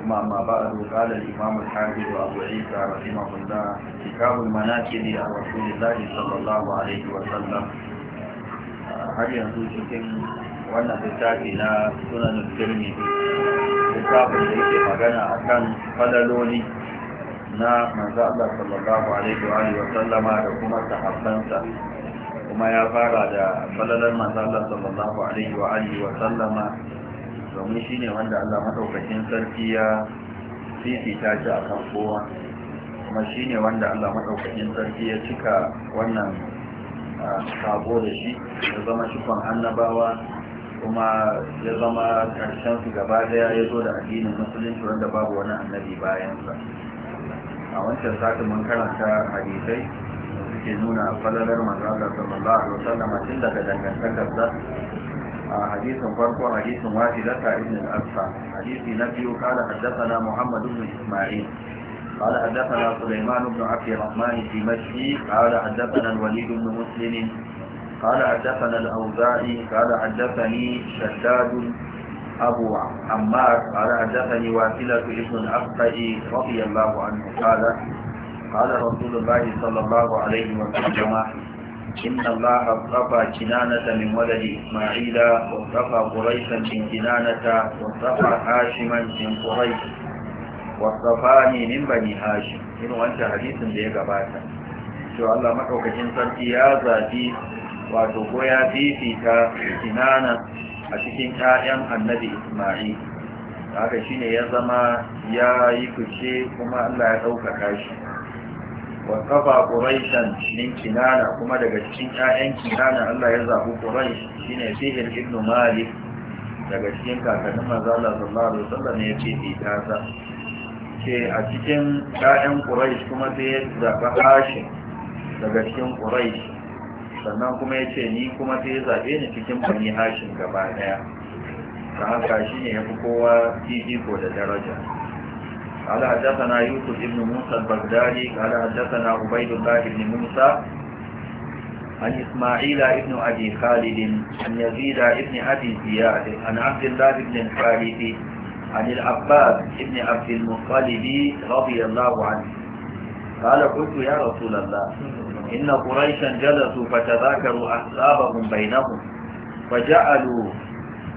ثم ما بعد قال الإمام الحافظ أبو عيسى رحمه الله كتاب المناكب عن رسول الله صلى الله عليه وسلم هل ينزل شكل بتاتي لا سنن الترمذي كتاب الذي مغنى أكان فللوني نا manzo Allah sallallahu alaihi wa alihi wa sallama da kuma sahabbansa kuma ya fara da صلى الله عليه sallallahu وسلم domin shi ne wanda Allah maɗaukacin sarki ya fifita shi a kan kowa kuma shi ne wanda Allah maɗaukacin sarki ya cika wannan sabo da shi ya zama cikon annabawa kuma ya zama ƙarshen su gaba daya ya zo da addinin musulunci wanda babu wani annabi bayansa a wancan satin mun karanta hadisai da suke nuna falalar manzo Allah sallallahu alaihi wasallam tun daga dangantakarsa حديث فرق حديث واحدة ابن الأبصى حديث نبي قال حدثنا محمد بن إسماعيل قال حدثنا سليمان بن عبد الرحمن في مجدي قال حدثنا الوليد بن مسلم قال حدثنا الأوزاعي قال حدثني شداد أبو عمار قال حدثني واسلة ابن الأبقئ رضي الله عنه قال قال رسول الله صلى الله عليه وسلم إن الله اصطفى كنانة من ولد إسماعيل واصطفى قريشا من كنانة واصطفى هاشما من قريش واصطفاني من بني هاشم إنه أنت حديث ليك باتا شو الله محوك جنسان يا ذاتي وتقوى فيك كنانة أشكين كائن النبي إسماعيل haka shine ya zama ya yi fice kuma Allah ya ɗaukaka shi wakafa ƙuraishan min kinana kuma daga cikin 'ƴa'ƴan kinana Allah ya zaɓi ƙuraish shi ne sihir ibn malik daga cikin kakannin mazala sallallahu alaihi wasallam ya ce itasa ce a cikin 'ƴa'ƴan ƙuraish kuma sai ya zaɓi hashin daga cikin ƙuraish sannan kuma ya ce ni kuma sai ya zaɓe ni cikin bani hashin gaba ɗaya ta haka shi ne ya fi kowa fifiko da daraja قال حدثنا يوسف بن موسى البغدادي قال حدثنا عبيد الله بن موسى عن إسماعيل بن أبي خالد عن يزيد بن أبي زياد عن عبد الله بن الحارث عن العباس بن عبد المطلب رضي الله عنه قال قلت يا رسول الله إن قريشا جلسوا فتذاكروا احزابهم بينهم فجعلوا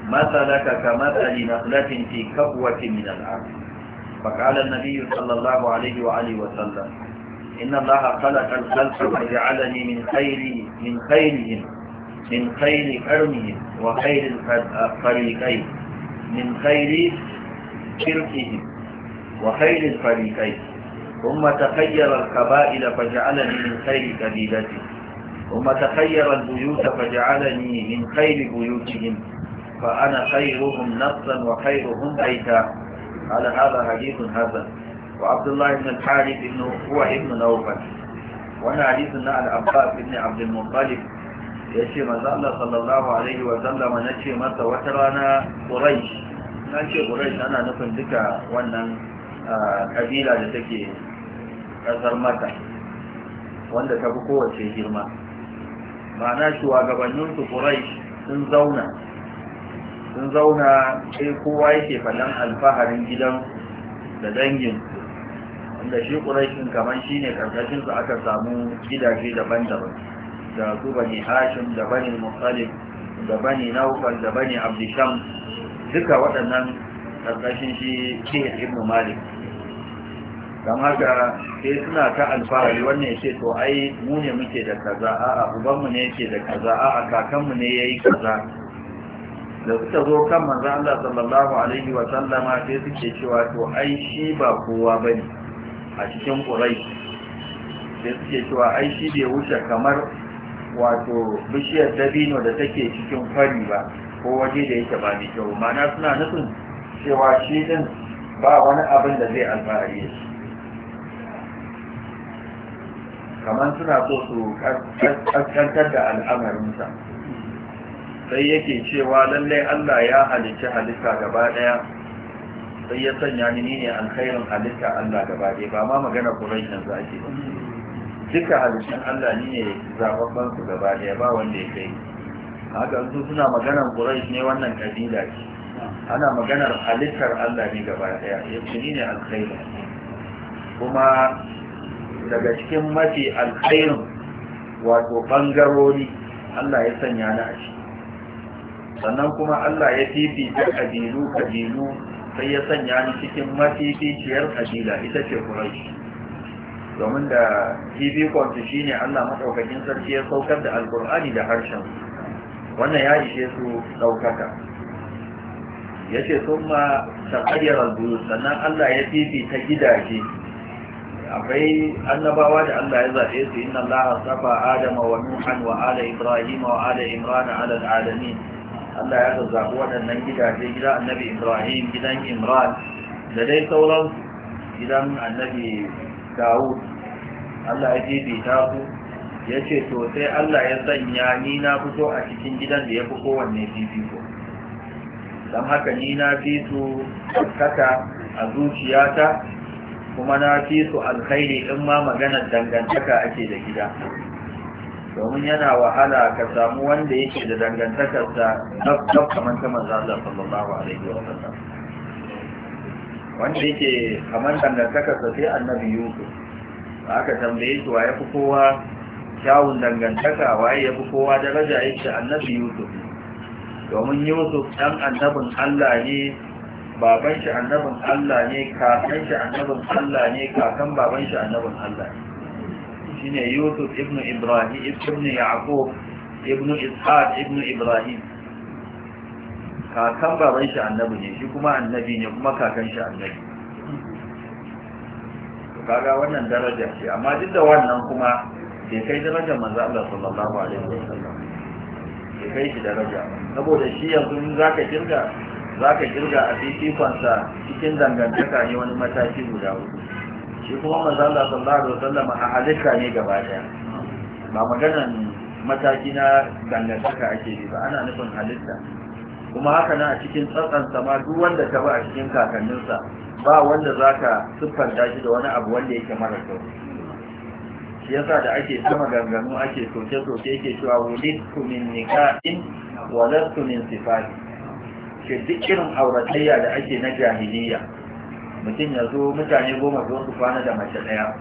مثلك كمثل نخلة في كبوة من الأرض فقال النبي صلى الله عليه وآله وسلم إن الله خلق الخلق فجعلني من خير من خيرهم من خير كرمهم وخير الفريقين من خير شركهم وخير الفريقين ثم تخير القبائل فجعلني من خير قبيلتي ثم تخير البيوت فجعلني من خير بيوتهم فأنا خيرهم نصا وخيرهم بيتا قال هذا حديث حسن وعبد الله بن الحارث ابن هو ابن نوفل وانا حديث ان العباس بن عبد المطلب yace manzo Allah sallallahu alaihi wa sallama nace masa wata rana Quraysh nace Quraysh ana nufin duka wannan kabila da take ƙasar Makka wanda ta fi kowace girma ma'ana shugabannin su Quraysh sun zauna sun zauna sai kowa yake faɗan alfaharin gidan da dangin wanda shi ƙurashin kamar shi ne ƙarƙashinsu aka samu gidaje daban-daban da su ne hashim da bani musalif da bani naukar da bani abdisham duka waɗannan ƙarƙashin shi ke ibn malik don haka sai suna ta alfahari wannan ya ce to ai mu ne muke da kaza a'a ubanmu ne yake da kaza a'a kakanmu ne ya yi kaza da suka zo kan manzo Allah sallallahu alaihi wa sallama sai suke cewa to ai shi ba kowa bane a cikin Quraysh sai suke cewa ai shi bai wuce kamar wato bishiyar dabino da take cikin fari ba ko waje da yake ba mai kyau ma'ana suna nufin cewa shi din ba wani abin da zai alfahari da shi kamar suna so su kaskantar da al'amarinsa sai yake cewa lallai Allah ya halicci halitta gaba daya sai ya sanya ni ne alkhairin halitta Allah gaba daya ba ma magana Quraishin zaki ba duka halittun Allah ne zababban su gaba daya ba wanda ya kai haka su suna maganar Quraish ne wannan kabila ce ana maganar halittar Allah ne gaba daya yake ni ne alkhairin kuma daga cikin mafi alkhairin wato bangarori Allah ya sanya ni a sannan kuma Allah ya fifita kabilu kabilu sai ya sanya ni cikin mafificiyar kabila ita ce Quraysh domin da fifikon su shine Allah madaukakin sarki ya saukar da alkur'ani da harshen wannan ya ishe su daukaka yace thumma taqayyara al-buyut sannan Allah ya fifita gidaje akwai annabawa da Allah ya zaɓe su inna Allah safa Adama wa Nuhan wa ala Ibrahim wa ala Imran ala alamin Allah ya zazzaɓi waɗannan gidaje gidan annabi Ibrahim gidan Imran da dai sauran gidan annabi Dawud Allah ya bibita su ya ce to sai Allah ya sanya ni na fito a cikin gidan da ya fi kowanne fifiko don haka ni na fi su kaka a zuciyata kuma na fi su alkhairi in ma maganar dangantaka ake da gida domin yana wahala ka samu wanda yake da dangantakarsa dab kamar ta manzo Allah sallallahu alaihi wa sallam wanda yake kamar dangantakarsa sai annabi Yusuf aka tambaye shi waye fi kowa kyawun dangantaka waye ya fi kowa daraja yake annabi Yusuf domin Yusuf dan annabin Allah ne baban shi annabin Allah ne kakan shi annabin Allah ne kakan baban shi annabin Allah ne shine yusuf ibn ibrahim ibn yaqub ibn ishaq ibn ibrahim kakan baban shi annabi ne shi kuma annabi ne kuma kakan shi annabi kaga wannan daraja ce amma duk da wannan kuma bai kai darajar manzo Allah sallallahu alaihi wasallam bai kai shi daraja saboda shi yanzu in zaka kirga zaka kirga a fifikonsa cikin dangantaka ne wani mataki guda hudu shi kuma Maza Allah sallallahu alaihi wasallam a halitta ne gaba daya ba maganan mataki na dangantaka ake yi ba ana nufin halitta kuma haka na a cikin tsatsansa sama duk wanda ta ba a cikin kakanninsa ba wanda za ka siffanta shi da wani abu wanda yake mara kyau shi yasa da ake sama ganganu ake soke-soke yake cewa wulittu min nika'in walastu min sifati shi duk irin auratayya da ake na jahiliya mutum ya zo mutane goma zo su kwana da mace daya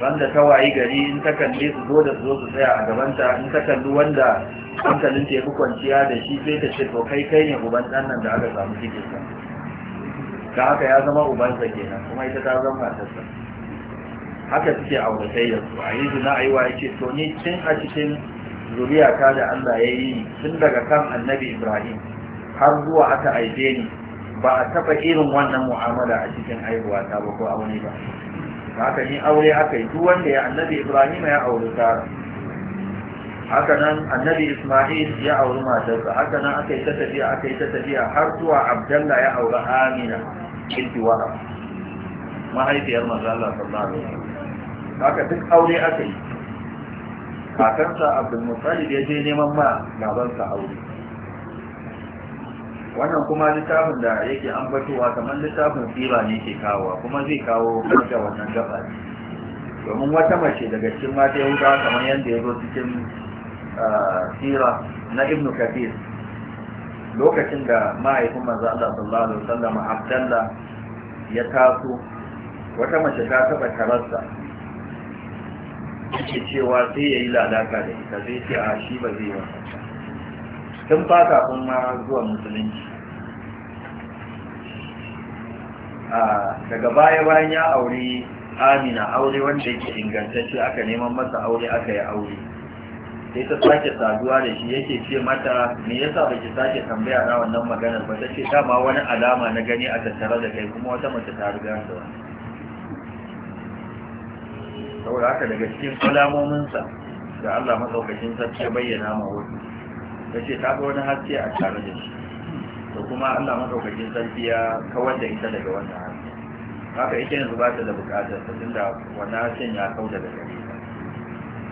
wanda ta wayi gari in ta kalli su zo da zo su tsaya a gabanta in ta kalli wanda hankalin ta yafi kwanciya da shi sai ta ce to kai kai ne uban ɗan nan da aka samu cikin sa da haka ya zama sa kenan kuma ita ta zama matarsa haka suke sai yanzu. a zina na yi ya ce to ni tun a cikin zuriyata da Allah ya yi tun daga kan annabi Ibrahim har zuwa aka aibe ni ba a taɓa irin wannan mu'amala a cikin haihuwa ta ba ko aure ba Ba haka ni aure aka yi duk wanda ya annabi ibrahim ya auri sara haka nan annabi isma'il ya auri matarsa haka nan aka yi ta tafiya aka yi ta tafiya har zuwa abdalla ya auri amina binti wahab mahaifiyar manzo Allah sallallahu alaihi wasallam haka duk aure aka yi kakansa abdul mutalib ya je neman ma babansa aure wannan kuma littafin da yake batowa kamar littafin sira ne ke kawowa kuma zai kawo kanta wannan gaba domin wata mace daga cikin mata yahudawa kamar yadda ya zo cikin ah, sira na ibn kafir lokacin da mahaifin manzo Allah sallallahu alaihi wasallam Abdullah ya taso wata mace ta taba tararsa ce cewa sai ya yi lalaka da ita zai ce a shi ba zai yi tun ba kafin ma zuwa musulunci daga baya bayan ya aure amina aure wanda yake ingantacce aka neman masa aure aka yi aure sai ta sake saduwa da shi yake ce mata me yasa baki sake tambaya na wannan maganar ba ta tace dama wani alama na gani a tattare da kai kuma wata mace ta riga da wani saboda haka daga cikin kalamominsa da Allah masaukacin sarki ya bayyana ma Ta ce ta ga wani haske a tare da shi da kuma Allah madaukakin sarki ya kawar da ita daga wannan hali haka yake yanzu ba ta da bukatar ta tunda wannan hasin ya kau daga gare ta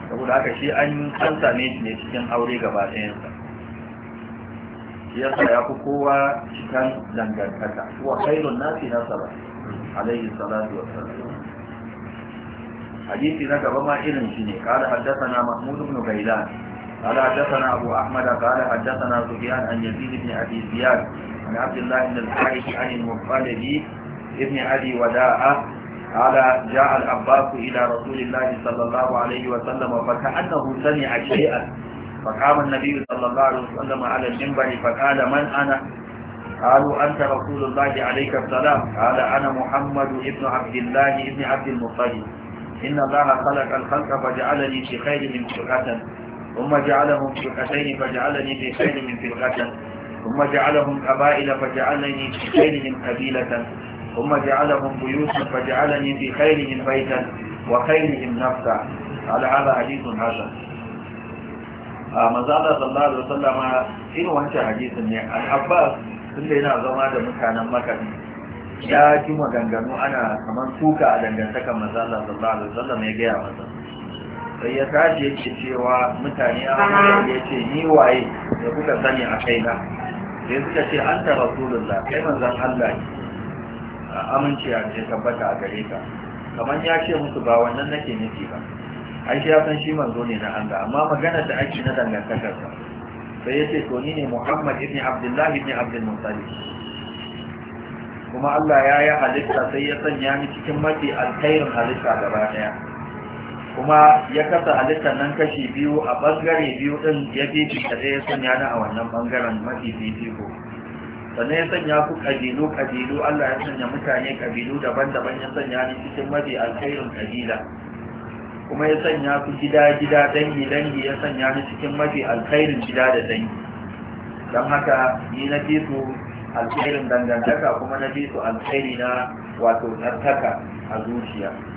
saboda haka shi an san same shi ne cikin aure gaba sa shi yasa ya fi kowa cikin dangantaka wa khairun nasi nasaba alayhi salatu wa sallam hadisi na gaba ma irin shi ne kada haddasa na mahmud ibn gailan قال حدثنا أبو أحمد قال حدثنا سفيان عن يزيد بن أبي زياد عن عبد الله بن الحارث عن المطلب ابن أبي وداعة قال جاء العباس إلى رسول الله صلى الله عليه وسلم فكأنه سمع شيئا فقام النبي صلى الله عليه وسلم على المنبر فقال من أنا قالوا أنت رسول الله عليك السلام قال أنا محمد ابن عبد الله ابن عبد المطلب إن الله خلق الخلق فجعلني في خير من شركة ثم جعلهم فرقتين فجعلني في خير من فرقة ثم جعلهم قبائل فجعلني في خير من قبيلة ثم جعلهم بيوتا فجعلني في خيرهم بيتا وخيرهم نفسا على هذا حديث حسن manzana sallallahu alaihi wasallama irin wancan hadisin ne al-abbas tunda yana zama da mutanen makka ya ji maganganu ana kamar kuka a dangantakar manzana sallallahu alaihi wasallam ya gaya masa sai ya tashi ce cewa mutane a wani ya ce ni waye da kuka sani a na sai suka ce an ta rasulullah kai manzan allah ne amince a ce tabbata a gare ka kamar ya ce musu ba wannan nake nufi ba An ya san shi manzo ne na allah amma magana da ake na dangantakarsa sai ya ce to ni ne muhammad ibn abdullah ibn abdul muttalib kuma allah ya yi halitta sai ya sanya ni cikin mafi alkhairin halitta gaba daya kuma ya kasa halittar nan kashi biyu a bangare biyu ɗin ya fi kaɗe ya sanya na a wannan bangaren mafi fifiko sannan ya sanya ku ƙabilu ƙabilu Allah ya sanya mutane ƙabilu daban-daban ya sanya ni cikin mafi alkhairin ƙabila, kuma ya sanya ku gida-gida dangi-dangi ya sanya ni cikin mafi alkhairin gida da dangi don haka ni na fi su alkhairin dangantaka kuma na fi su alkhairi na wato tsarkaka a zuciya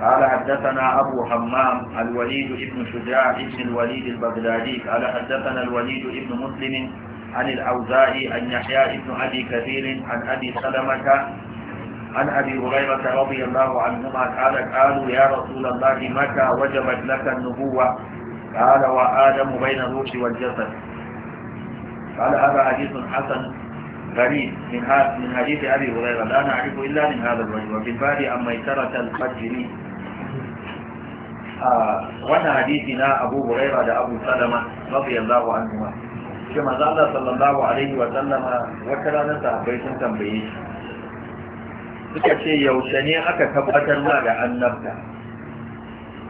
قال حدثنا أبو حمام الوليد بن شجاع بن الوليد البغدادي قال حدثنا الوليد بن مسلم عن الأوزاعي عن يحيى بن أبي كثير عن أبي سلمة عن أبي هريرة رضي الله عنهما قال قالوا يا رسول الله متى وجبت لك النبوة قال وآدم بين الروح والجسد قال هذا حديث حسن غريب من من حديث أبي هريرة لا نعرف إلا من هذا الرجل وفي الباب عن ميسرة الفجر وانا حديثنا أبو هريرة لأبو سلمة رضي الله عنهما كما قال صلى الله عليه وسلم وكلا نتعبيت تنبيه suka ce yaushe ne aka tabbatar ma da annabta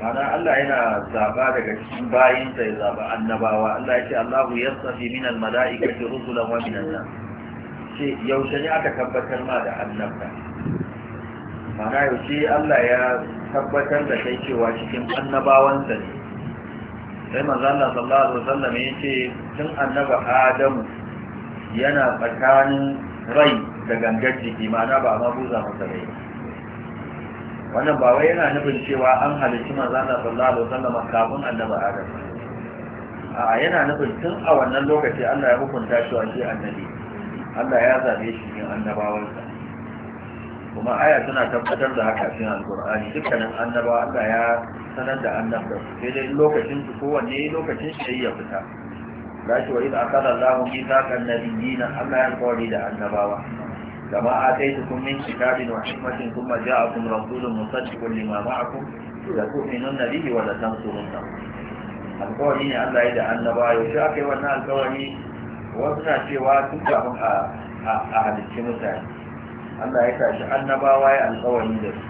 mana Allah yana zaba daga cikin bayinsa ya zaba annabawa Allah ya ce Allahu yastafi minal mala'ikati rusulan wa minan nas ce yaushe ne aka tabbatar ma da annabta mana yaushe Allah ya tabbatar da kai cewa cikin annabawansa ne sai manzo sallallahu alaihi wasallam ya ce tun annaba Adamu yana tsakanin rai da gangar jiki mana ba ma buza masa rai wannan ba wai yana nufin cewa an halicci manzo sallallahu alaihi wasallam kafin annaba Adamu a yana nufin tun a wannan lokaci Allah ya hukunta shi wa shi annabi Allah ya zabe shi cikin annabawansa kuma aya tana tabbatar da haka cikin alkur'ani dukkanin annaba Allah ya sanar da annabta sai dai lokacin su kowanne lokacin shi ya fita gashi wa idan akala Allahu mithaqan nabiyina Allah ya kawari da annabawa kama kun min kitabin wa hikmatin kuma ja'akum rasulun musaddiqun lima ma'akum la tu'minunna bihi wa la tansurunna Alƙawari ne Allah ya da annabawa yau shi aka yi wannan alƙawari. wasu na cewa tun abin a halicci mutane Allah ya tashi annabawa ya alƙawari da su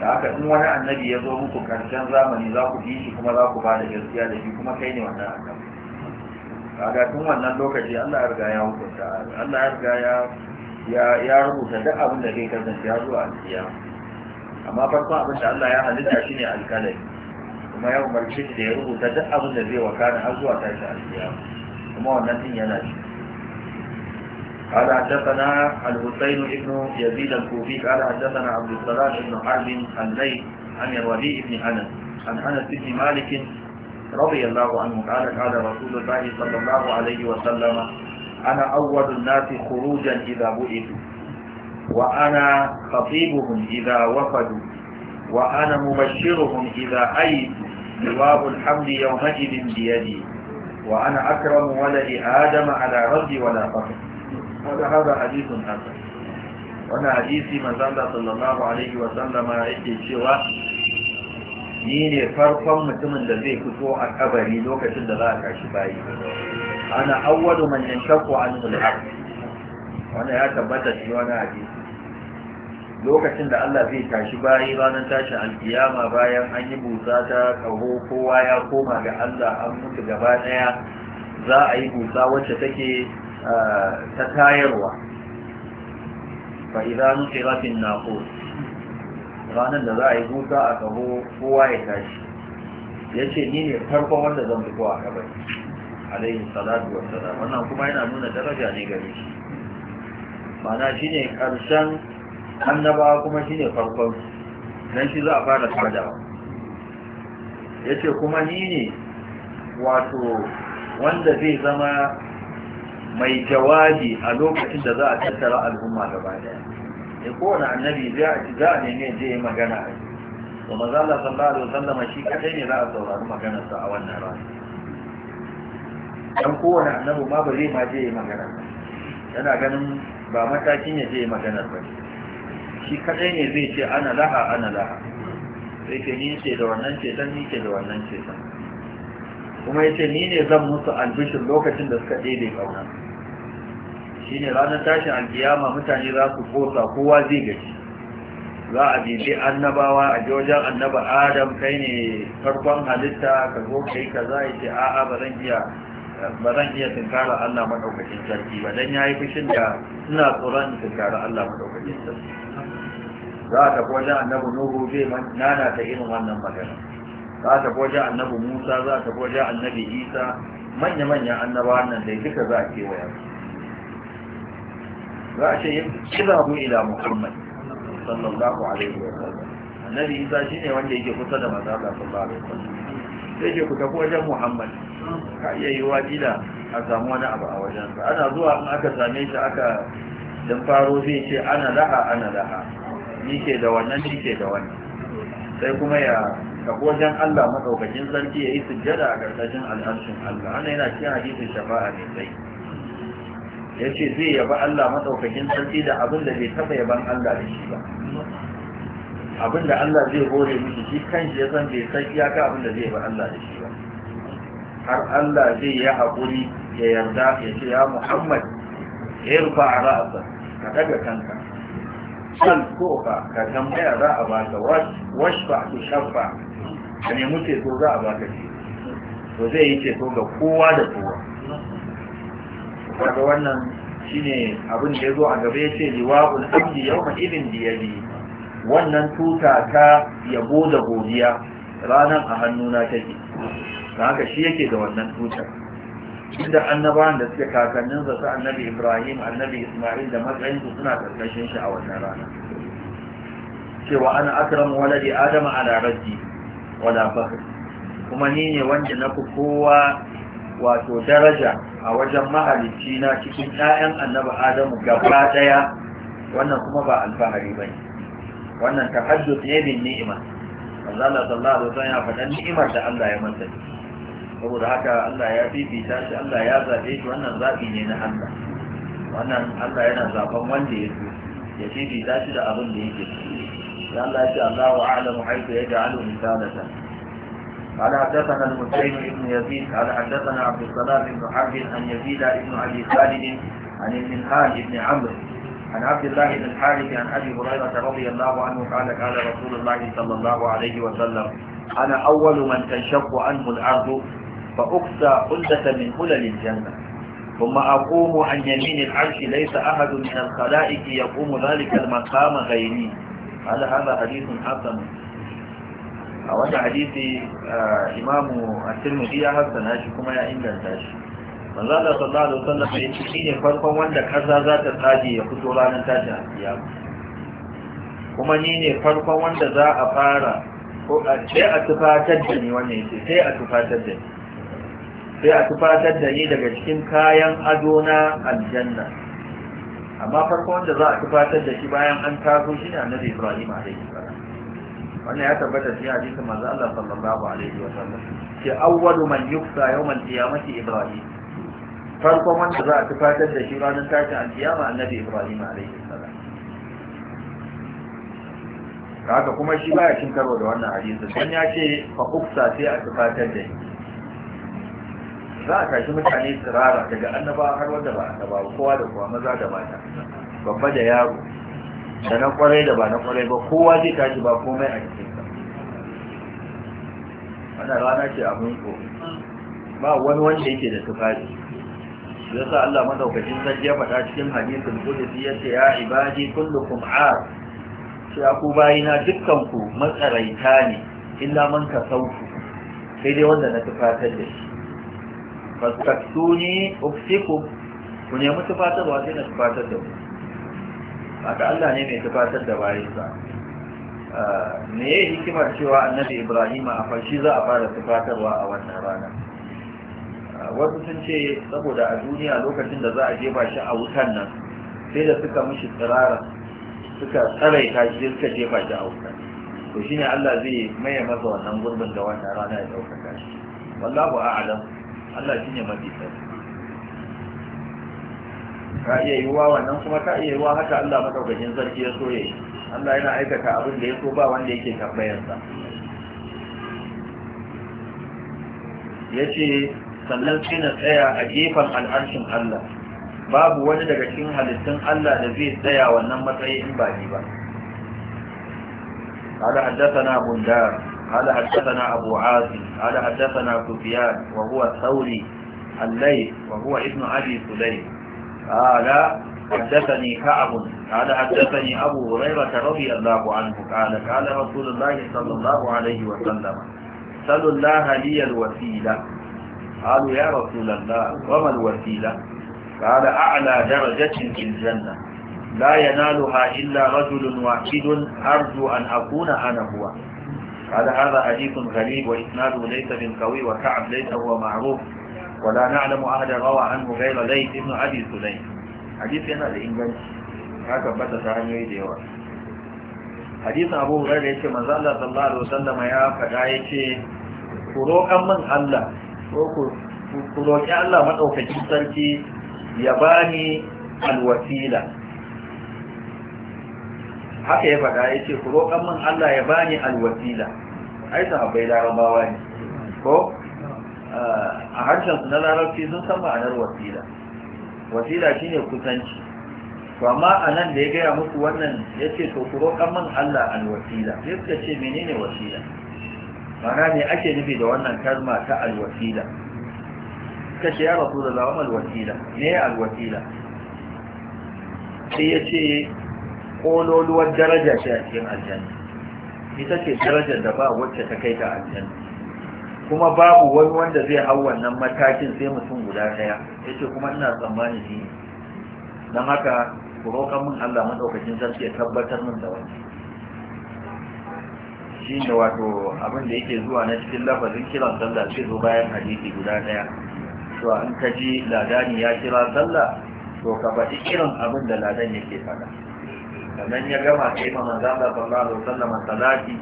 da haka in wani annabi ya zo muku karshen zamani za ku bi shi kuma za ku ba da gaskiya da shi kuma kai ne wannan annabi A tun wannan lokaci Allah ya riga ya hukunta Allah ya riga ya rubuta duk abin da zai kasance ya zuwa alkiya amma farkon abin da Allah ya halitta shi ne alkalai kuma ya umarci shi da ya rubuta duk abin da zai wakana har zuwa tashi alkiya معنى wannan قال حدثنا الحسين بن يزيد الكوفي قال حدثنا عبد السلام بن حرب الليل عن الربيع بن انس عن انس بن مالك رضي الله عنه قال قال رسول الله صلى الله عليه وسلم انا اول الناس خروجا اذا بعثوا وأنا خطيبهم إذا وفدوا وأنا مبشرهم إذا أيتوا جواب الحمد يومئذ بيدي wa ana akramu waladi adama ala rabbi wala fakr hada hada hadithun hasan wannan hadisi manzo Allah sallallahu alaihi wa sallama yake cewa ni ne farkon mutumin da zai fito a kabari lokacin da za a kashi bayi ana awwalu man yanshaqu anhu al-ard ya lokacin da Allah zai tashi bayi ranar tashin alkiyama bayan an yi busa ta kaho kowa ya koma ga Allah an mutu gaba daya za a yi busa wacce take ta tayarwa fa idza nusira fi ranar da za a yi busa a kaho kowa ya tashi yace ni ne farko wanda zan fito a kabari alaihi salatu wassalam wannan kuma yana nuna daraja ne gare shi ma'ana shine karshen annabawa kuma shine farkon nan shi za a fara sadawa yace kuma ni ne wato wanda zai zama mai jawabi a lokacin da za a tattara al'umma gaba daya ya eh, kowane annabi za a neme zai yi magana a yi to maza Allah sallallahu alaihi wasallam shi kadai ne za a saurari maganarsa a wannan rana dan kowane annabi ma ba zai ma je yi magana yana ganin ba matakin ya je yi maganar ba shi kadai ne zai ce ana laha ana laha sai ce ni ce da wannan ce dan ni ce da wannan ce dan kuma yace ni ne zan musu albishin lokacin da suka daidai kauna ne ranar tashin alkiyama mutane za su kosa kowa zai gaci za a bibi annabawa a jojan annaba adam kai ne farkon halitta ka zo kai ka za a ce a'a ba zan iya ba zan iya tunkara Allah maɗaukacin sarki ba don ya yi fushin da suna tsoron tunkara Allah maɗaukacin sarki za a tafi wajen annabi nuhu zai nana ta irin wannan magana za a tafi wajen annabi musa za a tafi annabi isa manya-manyan annaba nan dai duka za a kewaya za a ce kira mu ila muhammad sallallahu alaihi wa sallam annabi isa shine wanda yake kusa da maza sallallahu alaihi wa sallam sai ke ku tafi wajen muhammad ka iya yi wa a samu wani abu a wajensa ana zuwa in aka same shi aka dan faro zai ce ana laha ana laha ni ke da wannan ni ke da wannan sai kuma ya tafi wajen Allah madaukakin sarki ya yi sujjada a ƙarƙashin al'arshin Allah ana yana cikin hadisin shafa'a mai tsayi ya ce zai yaba Allah madaukakin sarki da abin da bai taɓa yaban Allah da shi ba abin da Allah zai hore miki shi kanshi ya san bai san iyaka abin da zai yaba Allah da shi ba har Allah zai yi haƙuri ya yarda ya ce ya Muhammad ya rufa a ra'asa ka daga kanka sal koka ka tambaya za a baka washfa tu shafa ka nemi ceto za a baka ce to zai yi ceto ga kowa da kowa Daga wannan shine abin da ya zo a gaba ya ce liwa'ul hamdi da ya biyadi wannan tuta ta yabo da godiya ranar a hannuna take haka shi yake da wannan tutar inda annabawan da suke kakannin su annabi ibrahim annabi isma'il da matsayin su suna karkashin shi a wannan rana cewa ana akramu waladi adama ala raddi wala fakhr kuma ni ne wanda na fi kowa wato daraja a wajen mahalicci na cikin ɗayan annabi adamu gaba ɗaya wannan kuma ba alfahari ba ne wannan tahajjud ne bin ni'ima Allah sallallahu alaihi wasallam ya faɗa ni'imar da Allah ya ni. saboda haka Allah ya fifita shi Allah ya zaɓe shi wannan zaɓi ne na Allah wannan Allah yana zaɓen wanda ya so ya fifita shi da abin da yake so Allah ya ce Allah wa a'lamu haythu yaj'alu misalata قال حدثنا المسلم بن يزيد قال حدثنا عبد الصلاة بن حرب عن يزيد بن ابي خالد عن المنهاج بن عمرو عن عبد الله بن الحارث عن ابي هريره رضي الله عنه قال قال رسول الله صلى الله عليه وسلم انا اول من تنشق عنه الارض فأقصى قلدة من حلل الجنة ثم أقوم عن يمين العرش ليس أحد من الخلائق يقوم ذلك المقام غيري هذا هذا حديث حسن a wani hadisi imamu a ya hassana shi kuma ya inganta shi manzo sallallahu alaihi wasallam ya ce farkon wanda kaza za ta tsaje ya fito ranar kuma ni ne farkon wanda za a fara ko a ce a tufatar da ni wannan sai a tufatar da ni sai a tufatar da ni daga cikin kayan ado na aljanna amma farko wanda za a tufatar da shi bayan an taso shi ne annabi Ibrahim alaihi salam wannan ya tabbata shi hadisin manzo Allah sallallahu alaihi wa sallam ke awwalu man yuksa yawmal qiyamati Ibrahim farko wanda za a tufatar da shi ranar tashin alkiyama annabi Ibrahim alaihi salam haka kuma shi baya cin karo da wannan hadisin dan ya ce fa uksa sai a tufatar da ni za a tashi mutane tsirara daga annaba har wanda ba annaba kowa da kowa maza da mata babba da yaro da na kwarai da ba na kwarai ba kowa zai tashi ba komai a cikin cikinsa wannan rana ce abin tsoro ba wani wanda yake da tufafi ya sa Allah madaukakin sarki ya fada cikin hadisin kudusi ya ce ya ibadi kullukum ar sai aku bayina dukkan ku matsaraita ne illa man ka sauku sai dai wanda na tufatar da shi fastaktuni ufsikum ku nemi tufatarwa sai na tufatar da ku Aka Allah ne mai tufatar da bayansa me ya yi hikimar cewa annabi Ibrahim a farshi za a fara tufatarwa a wannan rana wasu sun ce saboda a duniya lokacin da za a jefa shi a wutan nan sai da suka mishi tsirara suka ta shi suka jefa shi a wutan to shine Allah zai maye masa wannan gurbin da wannan rana ya ɗaukaka shi wallahu a'lam Allah shi ne mafi sauki ka iya wa wannan kuma ka iya yi wa haka Allah madaukakin sarki ya so ya Allah yana aikata abin da ya so ba wanda yake tambayarsa ya ce sannan shi na tsaya a gefen al'arshin Allah babu wani daga cikin halittun Allah da zai tsaya wannan matsayi in ba ni ba قال حدثنا بندار قال حدثنا أبو عازم قال حدثنا سفيان وهو الثوري الليل وهو ابن أبي سليم قال حدثني كعب قال حدثني أبو هريرة رضي الله عنه قال قال رسول الله صلى الله عليه وسلم سلوا الله لي الوسيلة قالوا يا رسول الله وما الوسيلة قال أعلى درجة في الجنة لا ينالها إلا رجل واحد أرجو أن أكون أنا هو قال هذا حديث غريب وإسناده ليس بالقوي وكعب ليس هو معروف ولا نعلم أحد روى عنه غير ليس ابن أبي سليم حديث هنا لإنجل لإنجلش هكذا بدا تهانيوي هو حديث أبو هريرة يقول من الله صلى الله عليه وسلم يا فقاية كروكا من الله كروكي الله من أوفيكي سلكي يباني الوسيلة haka ya faɗa ya ce ku roƙan min Allah ya bani alwasila ai sahabbai larabawa ne ko a harshen su na larabci sun san ma'anar wasila wasila shine kusanci to amma a nan da ya gaya musu wannan ya ce to ku roƙan min Allah alwasila sai suka ce menene wasila mana ne ake nufi da wannan kalma ta alwasila suka ce ya rasu da zawon alwasila ne alwasila sai ya ce ƙololuwar daraja ce a cikin aljanna ita ce darajar da ba wacce ta kai ta aljanna kuma babu wani wanda zai hau wannan matakin sai mutum guda ɗaya ya ce kuma ina tsammanin shi don haka ku roƙa min Allah maɗaukakin sarki ya tabbatar min da wani shi ne wato abin da yake zuwa na cikin lafazin kiran sallah sai zo bayan hadisi guda ɗaya to in ka ji ladani ya kira sallah to ka faɗi irin abin da ladan yake faɗa sannan ya gama sai ma manzo Allah da alaihi da salati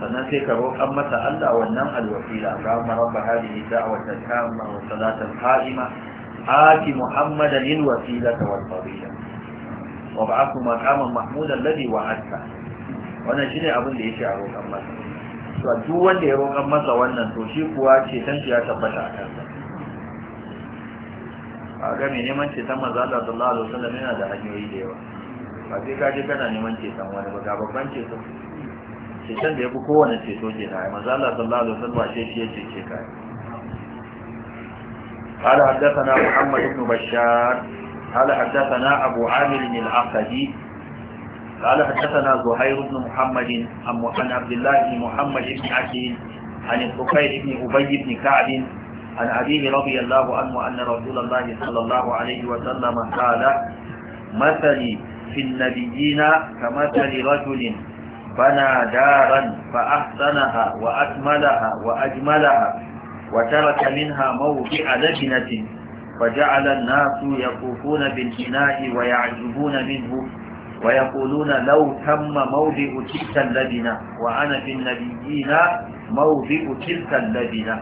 sannan sai ka roƙan masa Allah wannan alwasila Allahumma rabb hadhihi da'watan tamma wa salatan qa'ima آت محمدا الوسيلة والفضيلة makaman Mahmudan Ladi wa وعدته wannan shine abin da ce a roƙon masa to duk wanda ya roƙon masa wannan to shi kuwa ce san ya tabbata a kansa a ga me neman ce ta manzo Allah sallallahu alaihi wasallam yana da hanyoyi da yawa ba sai ka je kana neman ceton wani ba ga babban ceto ceton da ya fi kowane ceto ke na manzo Allah sallallahu alaihi wasallam shi ya cece ka قال حدثنا محمد بن بشار قال حدثنا أبو عامر العقدي قال حدثنا زهير بن محمد عن عبد الله بن محمد بن عكين عن الطفيل بن أبي بن كعب عن أبيه رضي الله عنه أن رسول الله صلى الله عليه وسلم قال مثلي في النبيين كمثل رجل بنى دارا فأحسنها وأكملها وأجملها وترك منها موضع لبنة فجعل الناس يطوفون بالبناء ويعجبون منه ويقولون لو تم موضع تلك اللبنة وأنا في النبيين موضع تلك اللبنة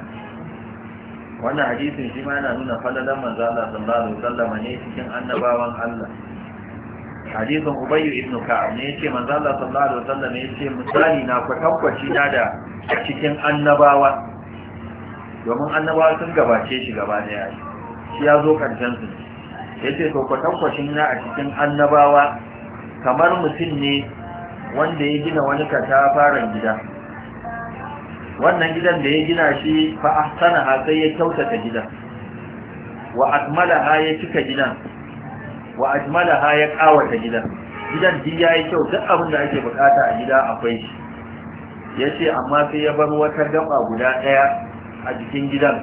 wannan hadisin shi ma yana nuna falalan manzo Allah sallallahu alaihi wasallam ne cikin annabawan Allah hadisin ubayyu ibn ka'ab ne yace manzo Allah sallallahu alaihi wasallam yace misali na ku na da a cikin annabawa domin annabawa sun gabace shi gaba da daya shi ya zo karshen su yace to tabbaci na a cikin annabawa kamar mutum ne wanda ya gina wani katafaren gida wannan gidan da ya gina shi fa ahsana sai ya kyautata gidan wa akmalaha ya cika gidan wa ajmalaha ya kawata gidan gidan din yayi kyau duk abin da ake bukata a gida akwai shi yace amma sai ya bar wata gaba guda daya a jikin gidan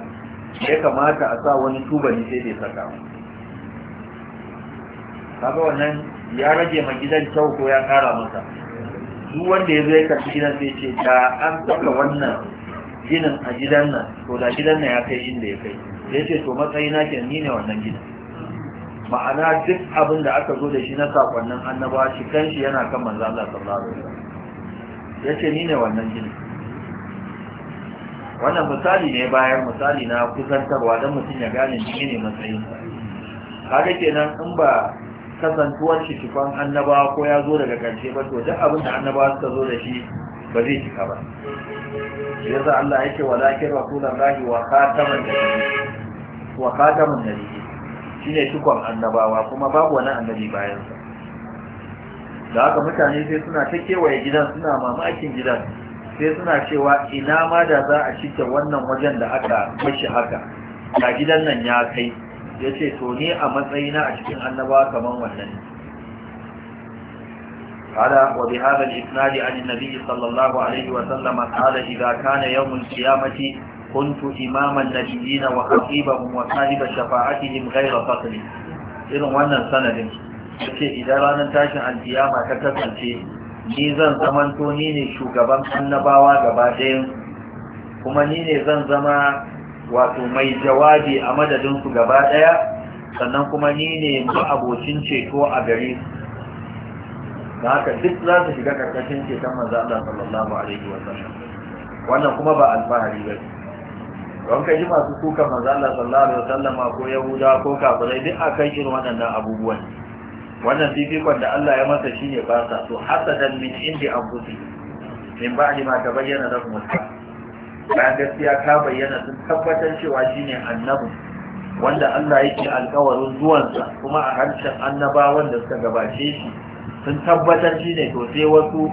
ya kamata a sa wani tubali sai bai saka kaga wannan ya rage ma gidan kyau ko ya kara masa duk wanda ya zo ya kashi gidan sai ce da an saka wannan ginin a gidan nan to da gidan nan ya kai inda ya kai yace to na ke ni ne wannan gidan ma'ana duk abin da aka zo da shi na sakonnin annaba shi kanshi yana kan manzo Allah sallallahu alaihi wasallam yace ni ne wannan jini wannan misali ne bayan misali na kusantarwa don mutum ya gane jini ne matsayin kaga kenan in ba kasantuwar shi cikon annabawa ko ya zo daga karshe ba to duk abin da annaba suka zo da shi ba zai cika ba yasa Allah yake walakin rasulullahi wa khataman nabiyyi wa khataman nabiyyi shine tukon annabawa kuma babu wani annabi bayan da haka mutane sai suna ta kewaye gidan suna mamakin gidan sai suna cewa ina ma da za a cike wannan wajen da aka mashi haka ga gidan nan ya kai ya ce to ne a matsayina a cikin annabawa kamar wannan قال an an-nabi sallallahu صلى wa sallam qala idha kana yawm al-qiyamati كنت إمام النبيين وخطيبهم وصاحب شفاعتهم غير فقر إذن وانا سند إذا لا ننتاج عن قيامة تكسل فيه نيزا زمن تونيني شوكبان النباوة kuma ni ne zan zama wato mai jawabi a madadinsu gaba ɗaya sannan kuma ni ne ma'abocin ceto a gare su da haka duk za su shiga karkashin ceton manzo Allah sallallahu alaihi wa wannan kuma ba alfahari ba don kai ji masu suka manzo Allah sallallahu alaihi wasallama ko yahuda ko kafirai duk akan irin waɗannan abubuwan wannan fifikon da Allah ya masa shine ba sa so hasadan min indi anfusi min ba'di ma tabayyana lakum bayan gaskiya ka bayyana sun tabbatar cewa shine annabi wanda Allah yake alƙawarin zuwansa kuma a harshen annabawan da suka gabace shi sun tabbatar shine to sai wasu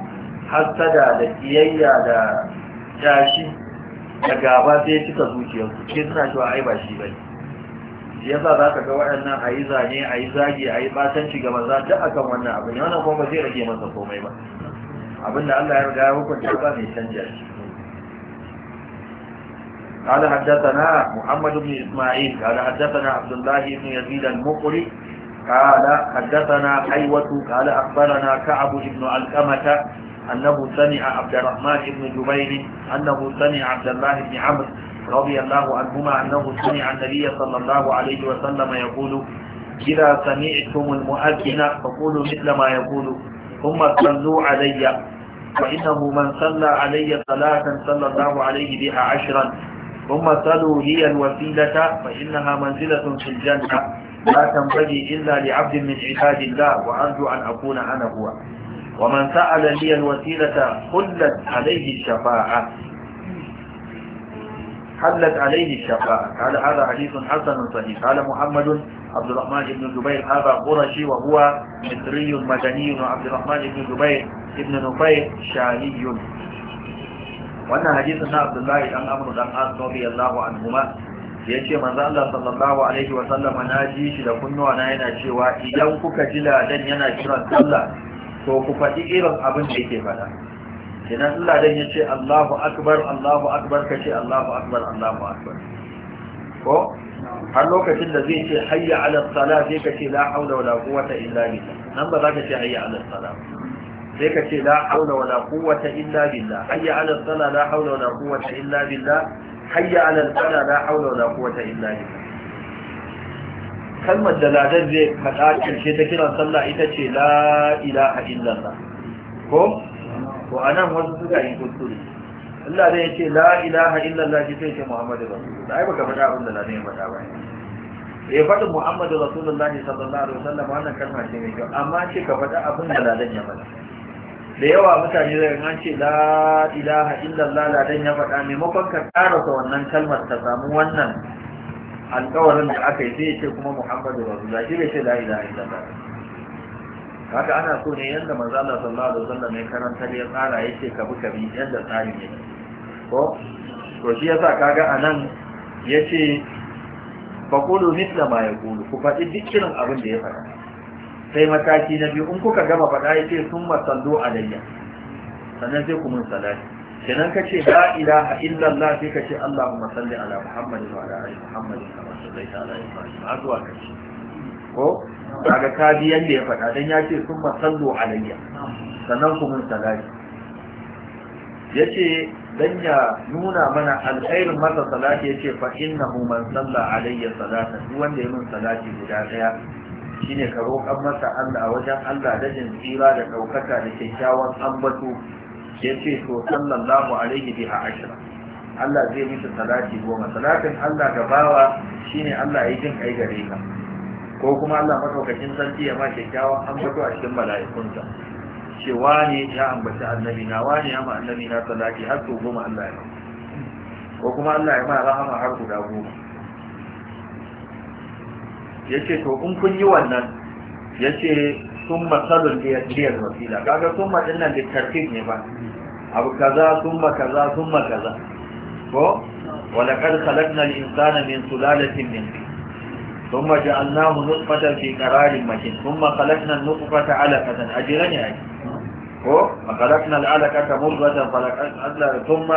hasada da kiyayya da jashi da gaba sai ya cika zuciyarsu ke suna cewa ai ba shi ba ne shi yasa za ka ga waɗannan a yi zane a yi zagi a yi ɓatanci ga maza duk kan wannan abu ne wannan kuma ba zai rage masa komai ba abin da Allah ya riga ya hukunta ba mai canja shi قال حدثنا محمد بن اسماعيل قال حدثنا عبد الله بن يزيد المقري قال حدثنا حيوة قال اخبرنا كعب بن علقمة أنه سمع عبد الرحمن بن جبير أنه سمع عبد الله بن عمرو رضي الله عنهما أنه سمع النبي صلى الله عليه وسلم يقول إذا سمعتم المؤذن فقولوا مثل ما يقول ثم صلوا علي فإنه من صلى علي صلاة صلى الله عليه بها عشرا ثم صلوا هي الوسيلة فإنها منزلة في الجنة لا تنبغي إلا لعبد من عباد الله وأرجو أن أكون أنا هو ومن سأل لي الوسيلة حلت عليه الشفاعة حلت عليه الشفاعة قال هذا حديث حسن صحيح قال محمد عبد الرحمن بن جبير هذا قرشي وهو مصري مدني وعبد الرحمن بن جبير بن نفير شالي وانا حديثنا عبد الله بن عن بن الأنهار رضي الله عنهما يجي من Allah sallallahu alaihi wa sallam naji shi da kunnuwa na yana cewa idan kuka ji ladan to ku faɗi irin abin da yake faɗa idan Allah dan yace Allahu akbar Allahu akbar kace Allahu akbar Allahu akbar ko har lokacin da zai ce hayya ala salat sai kace la haula wala quwwata illa billah nan ba za ka ce hayya ala salat sai ka ce la haula wala quwwata illa billah hayya ala salat la haula wala quwwata illa billah hayya ala salat la haula wala quwwata illa billah kalmar da ladar zai faɗa ƙarshe ta kiran sallah ita ce la ilaha illallah ko ko anan wasu suka yi kuskure Allah zai ce la ilaha illallah ji sai ce Muhammadu Rasulullah ai baka faɗa abin da ladan zai faɗa ba ya faɗi Muhammadu Rasulullah ne sallallahu alaihi wasallam wannan kalma ce mai kyau amma ce ka faɗa abin da ladan ya faɗa da yawa mutane zai an ce la ilaha illallah ladan ya faɗa maimakon ka ƙarasa wannan kalmar ta samu wannan alƙawarin da aka yi sai ce kuma muhammadu rasulullah shi bai ce la ilaha illallah haka ana so ne yadda manzo Allah sallallahu alaihi wasallam mai karanta ya tsara ya ce kabi kabi yadda tsari ne ko to shi yasa kaga anan yace faqulu mithla ma kudu ku faɗi duk irin abin da ya faɗa sai mataki na biyu in kuka gama faɗa yace summa a alayya sannan sai ku mun salati kenan ka ce la ilaha illallah sai ka ce Allahumma salli ala Muhammadin wa ala ali Muhammadin kama sallaita ala Ibrahim har zuwa kashi ko kaga ka bi yanda ya faɗa dan ya ce summa sallu alayya sannan ku mun salati yace dan ya nuna mana alkhairin masa salati yace fa innahu man salla alayya salatan duk wanda ya mun salati guda daya shine ka roƙan masa Allah wajen Allah dajin tsira da ɗaukaka da kyakkyawan ambato ya ce to sallallahu alaihi biha ashra Allah zai miki salati goma salatin Allah ga bawa shine Allah ya jin kai gare ka ko kuma Allah madaukakin sarki ya ma kyakkyawan ambato a cikin mala'ikunta ce wane ya ambaci annabi na wane ya ma annabi na salati har to goma Allah ya ko kuma Allah ya ma rahama har guda goma yace to in kun yi wannan yace sun matsalin liyar wasila kaga sun matsalin da tartib ne ba abu kaza summa kaza summa kaza ko ولقد خلقنا الإنسان من سلالة من a جعلناه نطفة في قرار مكين ثم خلقنا النطفة علقة أجرا يعني وخلقنا العلقة مرغة ثم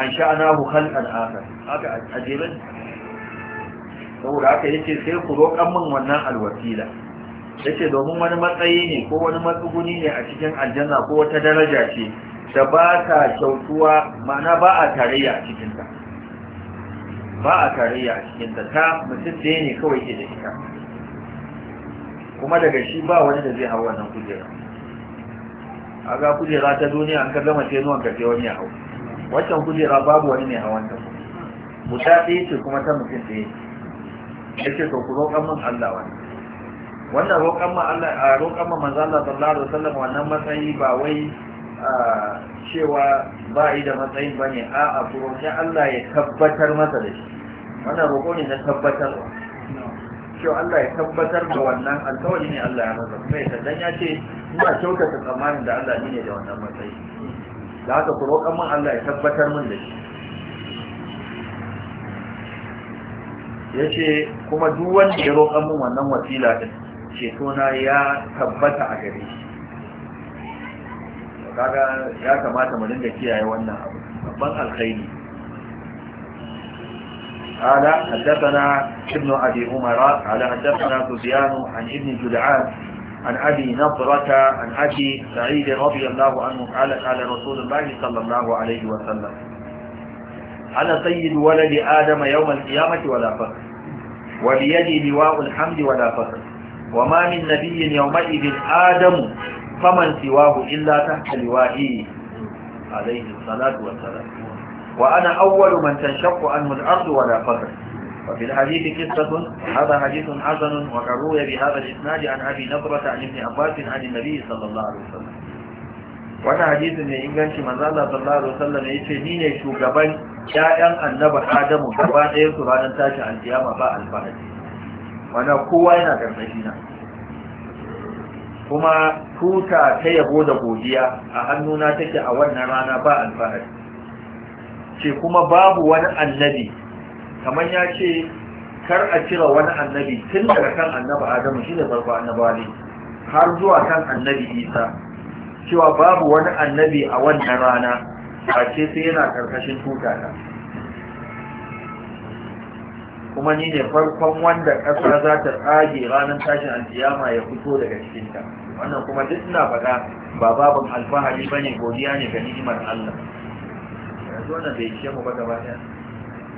أنشأناه خلقا آخر ne. saboda haka yace sai ku roƙan min wannan alwasila yace domin wani matsayi ne ko wani matsuguni ne a cikin aljanna ko wata daraja ce da ba ta kyautuwa ma'ana ba a tarayya a cikinta ba a tarayya a cikinta ta mutum da ne kawai ke da ita kuma daga shi ba wani da zai hau wannan kujera a ga kujera ta duniya an ka gama nuwan ka wani ya hau waccan kujera babu wani mai hawan ta guda ɗaya ce kuma ta mutum ɗaya ya ce to ku roƙan min Allah wani wannan roƙan ma Allah a roƙan ma manzo Allah sallallahu alaihi wasallam wannan matsayi ba wai cewa ba yi da matsayin ba ne a a sai Allah ya tabbatar masa da shi wanda roƙo ne na tabbatar wa. cewa Allah ya tabbatar da wannan alkawari ne Allah ya masa kuma ya dan ya ce ina kyautata tsammanin da Allah ne da wannan matsayi da haka ku roƙan min Allah ya tabbatar min da shi ya ce kuma duk wanda ya roƙon min wannan wasila da ceto na ya tabbata a gare shi kaga ya kamata mu dinga kiyaye wannan abu babban alkhairi قال حدثنا ابن أبي عمر قال حدثنا سفيان عن ابن جدعان عن أبي نظرة عن أبي سعيد رضي الله عنه قال قال رسول الله صلى الله عليه وسلم أنا سيد ولد آدم يوم القيامة ولا فخر وبيدي لواء الحمد ولا فخر وما من نبي يومئذ آدم faman siwahu illa tahta liwahi alayhi salatu wa salam wa ana awwalu man tanshaqqu anhu al-ardu wa la fadl wa fil hadith qissatun hadha hadithun hasan wa qaruya bi hadha al-isnad an abi nadra an ibn abbas an an-nabi sallallahu alayhi wa sallam wa ana mai inganci manzo Allah sallallahu alayhi wa yace ni ne shugaban ƴaƴan annabi Adam gaba ɗaya su ranar tashi al-qiyama ba al-fadl wa kowa yana karɓar dina kuma tuta ta yabo da godiya a hannuna take a wannan rana ba alfahari ce kuma babu wani annabi kamar ya ce kar a cire wani annabi tun daga kan annaba adamu shi ne farko annaba ne har zuwa kan annabi isa cewa babu wani annabi a wannan rana a ce sai yana karkashin tuta ta kuma ni ne farkon wanda ƙasa za ta tsage ranar tashin alkiyama ya fito daga cikinta wannan kuma duk ina faɗa ba babin alfahari ba ne godiya ne ga ni'imar Allah yanzu wannan bai ishe mu ba gaba ɗaya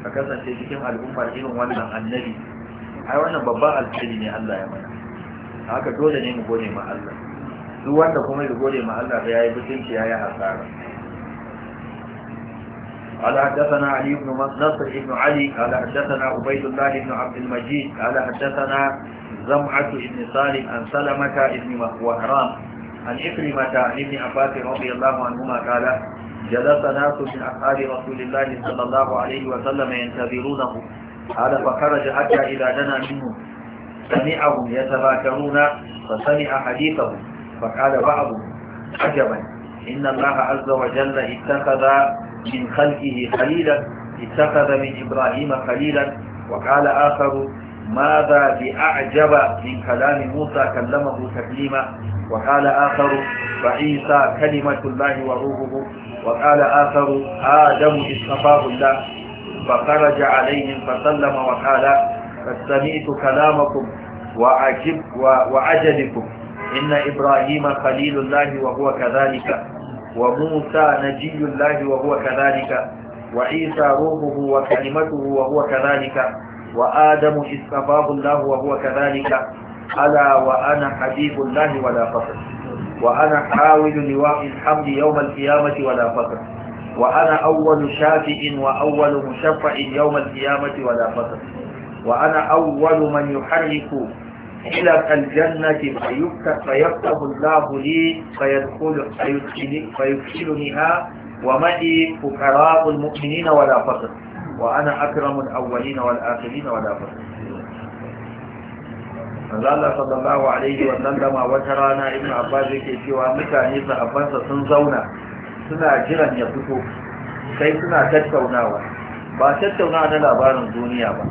a kasance cikin al'ummar irin wannan annabi ai wannan babban alfahari ne Allah ya mana haka dole ne mu gode ma Allah duk wanda kuma ya gode ma Allah ya yi mutunci ya yi hasara قال حدثنا علي بن نصر بن علي قال حدثنا عبيد الله بن عبد المجيد قال حدثنا زمعة بن سالم عن سلمة بن وهران عن إكرمة عن ابن عباس رضي الله عنهما قال جلس ناس من أصحاب رسول الله صلى الله عليه وسلم ينتظرونه قال فخرج حتى إذا دنا منهم سمعهم يتذاكرون فسمع حديثهم فقال بعضهم عجبا إن الله عز وجل اتخذ من خلقه خليلا اتخذ من إبراهيم خليلا وقال آخر ماذا بأعجب من كلام موسى كلمه تكليما وقال آخر فعيسى كلمة الله وروحه وقال آخر آدم اصطفاه الله فخرج عليهم فسلم وقال قد سمعت كلامكم وعجب وعجبكم إن إبراهيم خليل الله وهو كذلك وموسى نجي الله وهو كذلك وعيسى روحه وكلمته وهو كذلك وآدم استفاض الله وهو كذلك ألا وأنا حبيب الله ولا فقر وأنا حاول لواء الحمد يوم القيامة ولا فقر وأنا أول شافئ وأول مشفع يوم القيامة ولا فقر وأنا أول من يحرك إلى الجنة فيفتح الله لي فيدخل فيدخلنها ومعي فقراء المؤمنين ولا فقر وأنا أكرم الأولين والآخرين ولا فقر Allah sallallahu alaihi wa sallama wata rana ibn Abbas yake cewa mutane sahabbansa sun zauna suna jiran ya fito sai suna tattaunawa ba tattaunawa na labarin duniya ba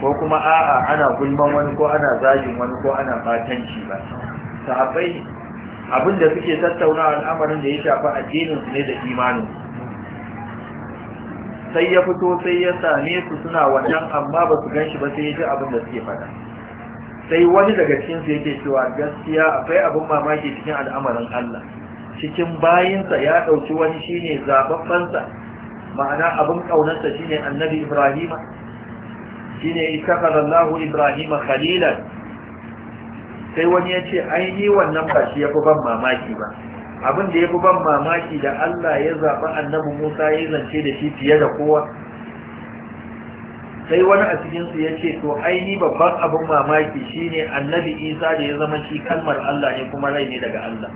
ko kuma a'a ana gulman wani ko ana zagin wani ko ana fatanci ba sahabbai abin da suke tattauna al'amarin da ya shafi addinin su ne da imanin sai ya fito sai ya same su suna wannan amma ba su gan shi ba sai ya ji abin da suke faɗa sai wani daga cikin su yake cewa gaskiya akwai abin mamaki cikin al'amarin Allah cikin bayinsa ya ɗauki wani shine zababbansa ma'ana abin ƙaunarsa shine annabi ibrahima shine ittakhadallahu ibrahima khalilan sai wani ya ce ai ni wannan ba shi yafi ban mamaki ba abin da yafi ban mamaki da Allah ya zaɓi annabi Musa ya zance da shi fiye da kowa sai wani a cikinsu ya ce to ai ni babban abin mamaki shine annabi Isa da ya zama shi kalmar Allah ne kuma rai ne daga Allah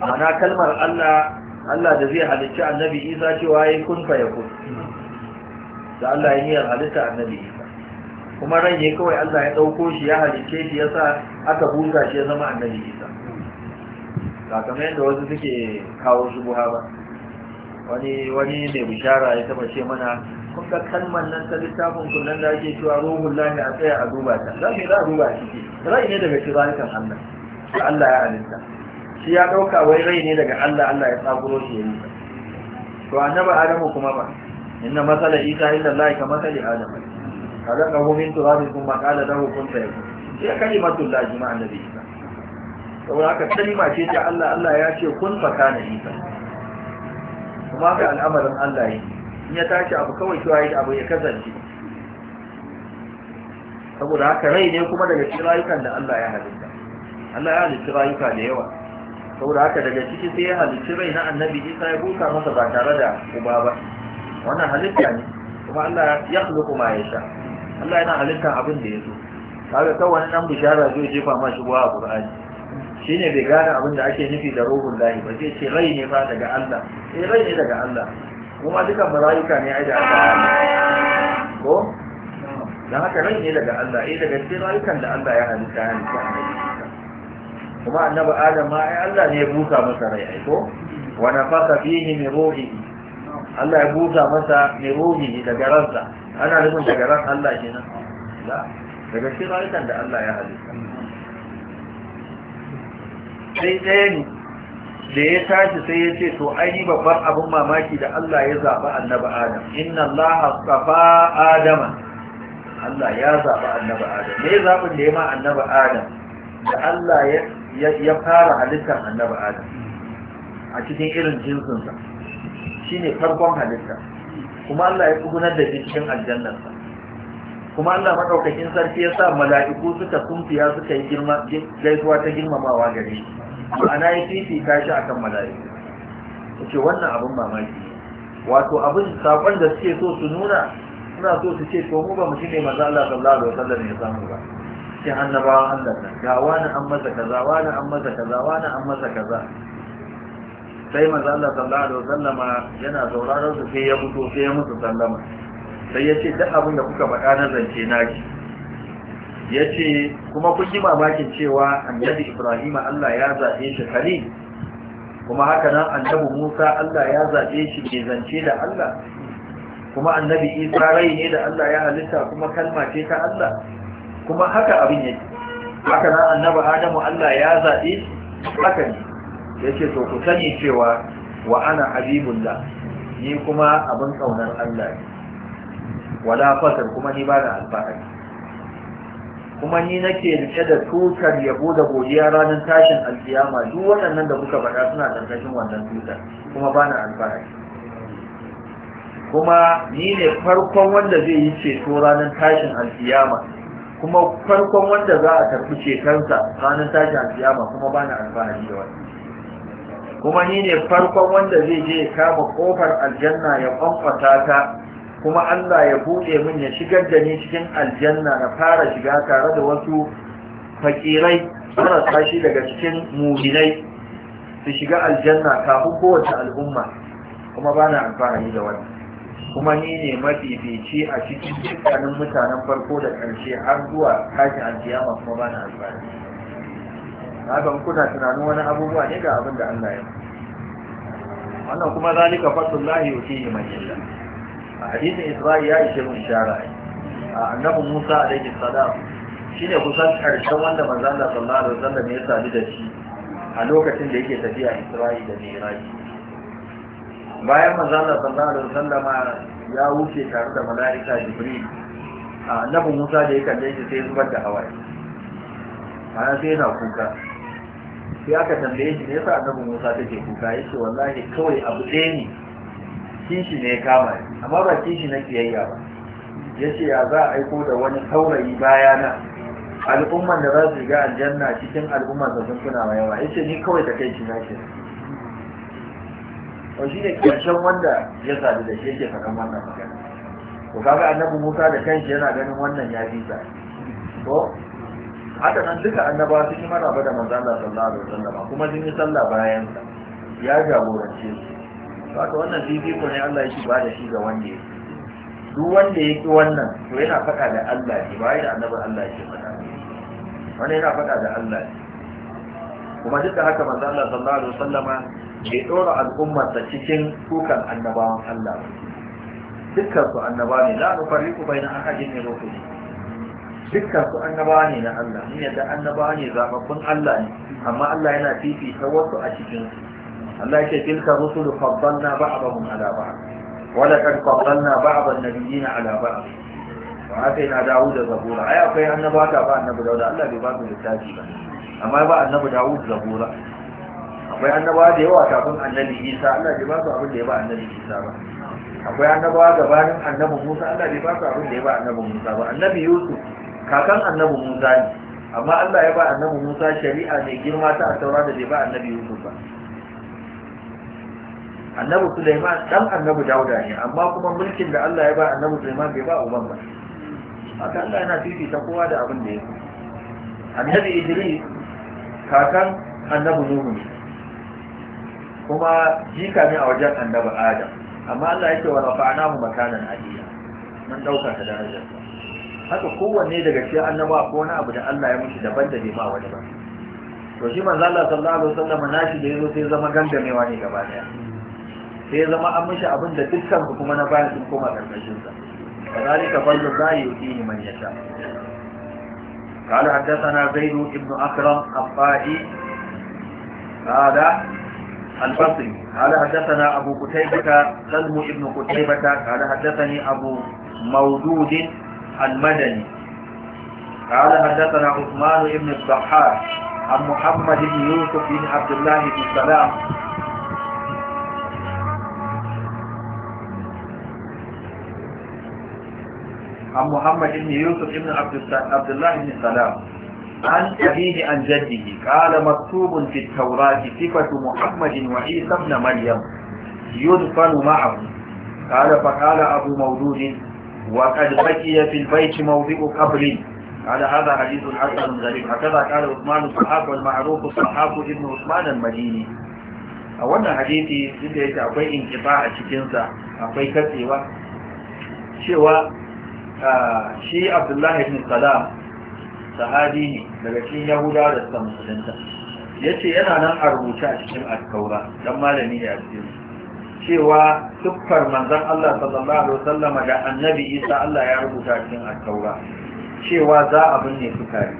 mana kalmar Allah Allah da zai halicci annabi Isa cewa ya kun fa ya kun da Allah ya niyyar halitta annabi Isa kuma ran ne kawai Allah ya ɗauko shi ya halice shi ya sa aka buga shi ya zama annabi isa ba kamar yadda wasu suke kawo shubuha ba wani wani mai bishara ya taba ce mana kun ga kalman nan ta littafin kullum da ake cewa ruhun lahi a tsaya a duba ta za mu za a duba shi ke rai ne daga shiranikan Allah shi Allah ya halitta shi ya ɗauka wai rai ne daga Allah Allah ya tsaguro shi ya yi to annaba adamu kuma ba inna masala isa illa lahi ka adamu خلقه من تراب ثم قال له كن فيكون هي كلمة الله جمع النبي saboda haka kalima ce ta Allah Allah ya ce kun faka na isa kuma ga al'amarin Allah yi in ya tashi abu kawai cewa yi abu ya kasance saboda haka rai ne kuma daga cikin da Allah ya halitta Allah ya halitta rayuka da yawa saboda haka daga ciki sai ya halitta rai na annabi isa ya buka masa ba tare da uba ba wannan halitta ne kuma Allah ya khluqu ma yasha Allah yana halittar abin da ya so kaga kan wani dan bishara zai jefa ma shi a Qur'ani shine bai gane abin da ake nufi da ruhul lahi ba sai ce rai ne fa daga Allah eh rai ne daga Allah kuma duka malaika ne aida da Allah ko dan haka rai ne daga Allah eh daga cikin rayukan da Allah ya halitta ne kuma annabi Adam ma ai Allah ne ya busa masa rai ai ko wa nafaka fihi min ruhihi Allah ya busa masa min ruhihi daga ransa ana nufin daga ran Allah ke nan daga shi rayukan da Allah ya halitta sai ɗaya ne da ya tashi sai ya ce to ai babban abin mamaki da Allah ya zaɓi annaba Adam inna Allah astafa Adama Allah ya zaɓi annaba Adam me zaɓin da ya ma annaba Adam da Allah ya fara halittar annaba Adam a cikin irin jinsinsa shine farkon halitta kuma Allah ya tsugunar da shi cikin aljannarsa kuma Allah madaukakin sarki ya sa mala'iku suka kumfiya suka yi girma gaisuwa ta girmamawa gare shi ana yi fifita shi akan mala'iku yace wannan abin mamaki wato abin sakon da suke so su nuna suna so su ce to mu ba mu shine manzo Allah sallallahu alaihi wasallam ya samu ba sai annabawa Allah ga wani an masa kaza wani an masa kaza wani an masa kaza sai manzo Allah sallallahu alaihi wasallama yana sauraron su sai ya mutu, sai ya mutu, sallama sai ya ce duk abin da kuka faɗa na zance na ki ya ce kuma kun yi mamakin cewa annabi Ibrahim Allah ya zaɓe shi khalil kuma haka nan annabi Musa Allah ya zaɓe shi mai zance da Allah kuma annabi Isa rai ne da Allah ya halitta kuma kalma ce ta Allah kuma haka abin yake haka nan annabi Adamu Allah ya zaɓe shi haka ne ya ce to ku sani cewa wa ana da ni kuma abin ƙaunar Allah ne wala fasar kuma ni ba na alfahari kuma ni nake rike da tutar yabo da godiya ranar tashin alkiyama duk waɗannan da kuka faɗa suna ƙarƙashin wannan tutar kuma ba na alfahari kuma ni ne farkon wanda zai yi ceto ranar tashin alkiyama kuma farkon wanda za a tafi cetonsa ranar tashin alkiyama kuma ba na alfahari da wannan kuma ni ne farkon wanda zai je ya kama kofar aljanna ya kwamfata ta kuma Allah ya buɗe min ya shigar da ni cikin aljanna na fara shiga tare da wasu fakirai marasa shi daga cikin muminai su shiga aljanna kafin kowace al'umma kuma ba na amfani da wani kuma ni ne mafi bici a cikin dukkanin mutanen farko da ƙarshe har zuwa tashin aljiyama kuma ba na amfani haka kuna tunanin wani abubuwa ne ga abin da Allah ya wannan kuma zalika fadlullahi yutihi man yasha a hadisin Isra'i ya ishe mun shara a annabi Musa alayhi salam shine kusan karshen wanda manzo Allah sallallahu alaihi wasallam ya sadu da shi a lokacin da yake tafiya Isra'i da Mi'raj bayan manzo Allah sallallahu alaihi wasallam ya wuce tare da malaika Jibril a annabi Musa da ya kalle shi sai zubar da hawaye ana sai yana kuka sai aka tambaye shi ne yasa annabi Musa take kuka yace wallahi kawai abu ɗaya ne kishi ne ya kama ni amma ba kishi na kiyayya ba yace ya za a aiko da wani saurayi baya na al'umman da za su ga aljanna cikin al'umman da sun kuna mai yawa yace ni kawai da kai ke to shi ne karshen wanda ya sadu da shi yake faɗan wannan magana ko kaga annabi Musa da kanshi yana ganin wannan ya bisa ko haka nan duka annabawa sun yi maraba da manzo da sallallahu alaihi kuma jini sallah bayan sa ya jagorance su haka wannan fifiko ne Allah ya shi ba da shi ga wanda ya duk wanda ya ki wannan to yana faɗa da Allah ne ba da annabin Allah ya ke faɗa wani yana faɗa da Allah ne kuma duk da haka manzo Allah sallallahu alaihi wasallama bai dora al'ummarsa cikin kukan annabawan Allah ba dukkan su annaba ne la nufarriqu baina ahadin min rusuli dukkan su annabawa ne na Allah mun yadda annabawa ne zababbun Allah ne amma Allah yana fifita wasu a cikin su Allah yake tilka rusulu faddalna ba'dahum ala ba'd wa laqad faddalna ba'd an-nabiyyin ala ba'd wa atayna Dawud zabura ai akwai annabawa ta ba annabi Dawud Allah bai ba su littafi ba amma ba annabi Dawud zabura akwai annabawa da yawa kafin annabi Isa Allah bai ba su abin da ya ba annabi Isa ba akwai annabawa gabanin annabi Musa Allah bai ba su abin da ya ba annabi Musa ba annabi Yusuf kakan annabi Musa ne amma Allah ya ba annabi Musa shari'a mai girma ta taura da bai ba annabi Yusuf ba annabi Sulaiman dan annabi Dauda ne amma kuma mulkin da Allah ya ba annabi Sulaiman bai ba uban ba haka Allah yana fifita kowa da abin da ya annabi Idris kakan annabi Nuhu ne kuma jika ne a wajen annabi Adam amma Allah yake wa mu makanan aliyya mun dauka ta darajar haka kowanne daga cikin nama ko wani abu da Allah ya mushi daban da bai ba wani ba to shi manzo Allah sallallahu alaihi wasallam nashi da yazo sai zama gangamewa ne gaba daya sai zama an mishi abin da dukkan ku kuma na bayan sun koma karkashin sa kadalika fallu zai yuti man yasha قال حدثنا زيد بن أكرم الطائي قال البصري قال حدثنا أبو Salmu سلم بن قتيبة قال حدثني abu مودود المدني قال حدثنا عثمان بن الضحاك عن محمد بن يوسف بن عبد الله بن سلام عن محمد بن يوسف بن عبد الله بن سلام عن أبيه عن جده قال مكتوب في التوراة صفة محمد وعيسى بن مريم يدفن معه قال فقال أبو مولود وقد بقي في البيت موضع قبر على هذا حديث حسن غريب هكذا قال عثمان الصحاب والمعروف الصحاب ابن عثمان المديني a wannan hadisi duk da yake akwai inkifa a cikinsa akwai katsewa cewa shi abdullahi ibn salam sahabi ne daga cikin yahuda da suka musulunta ya ce yana nan a rubuce a cikin alkaura don malami ne a cikin cewa tuffar manzan Allah sallallahu alaihi wasallama da annabi Isa Allah ya rubuta cikin alkaura cewa za a binne su kare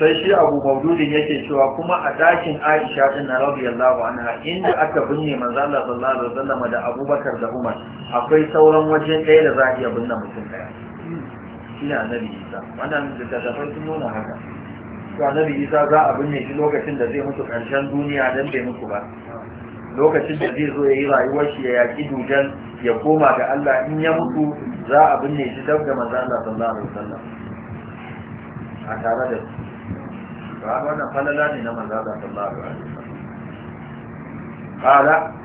sai shi abu maududin yake cewa kuma a dakin aisha din na yallawa anha inda aka binne manzan Allah sallallahu alaihi wasallam da abubakar da umar akwai sauran wajen ɗaya da za a iya binne mutum ɗaya shi ne annabi isa wannan da tafai sun nuna haka na bi isa za a binne shi lokacin da zai mutu ƙarshen duniya don bai mutu ba lokacin da zai zo ya yi rayuwar shi ya yaƙi dujan ya koma ga Allah in ya mutu za a binne shi dab da manzo Allah sallallahu alaihi wasallam a tare da su ba wannan falala ne na manzo Allah sallallahu alaihi wasallam haddasa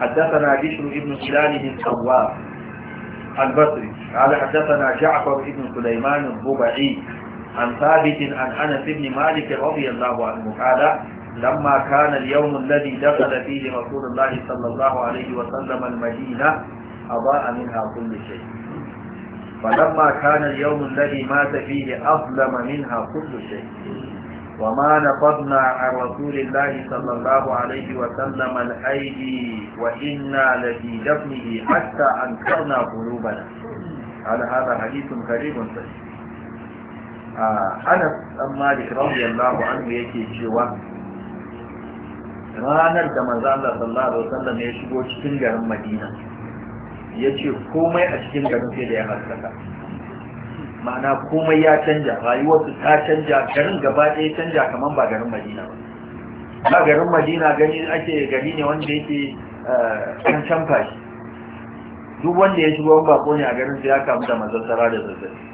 حدثنا بشر بن هلال الصواب البصري قال حدثنا جعفر بن سليمان الضبعي عن ثابت عن أنس بن مالك رضي الله عنه قال لما كان اليوم الذي دخل فيه رسول الله صلى الله عليه وسلم المدينة أضاء منها كل شيء فلما كان اليوم الذي مات فيه أظلم منها كل شيء وما نفضنا عن رسول الله صلى الله عليه وسلم الأيدي وإنا لفي دفنه حتى أنكرنا قلوبنا على هذا حديث غريب صحيح anas dan malik radiyallahu anhu yake cewa ranar da manzo Allah sallallahu alaihi wasallam ya shigo cikin garin Madina yace komai a cikin garin sai da ya haskaka ma'ana komai ya canja rayuwarsu ta canja garin gaba ɗaya canja kamar ba garin Madina ba ba garin Madina gani ake gani ne wanda yake kan eh, canfa shi duk wanda ya shigo ba ko ne a garin sai ya kamu da mazassara da zazzabi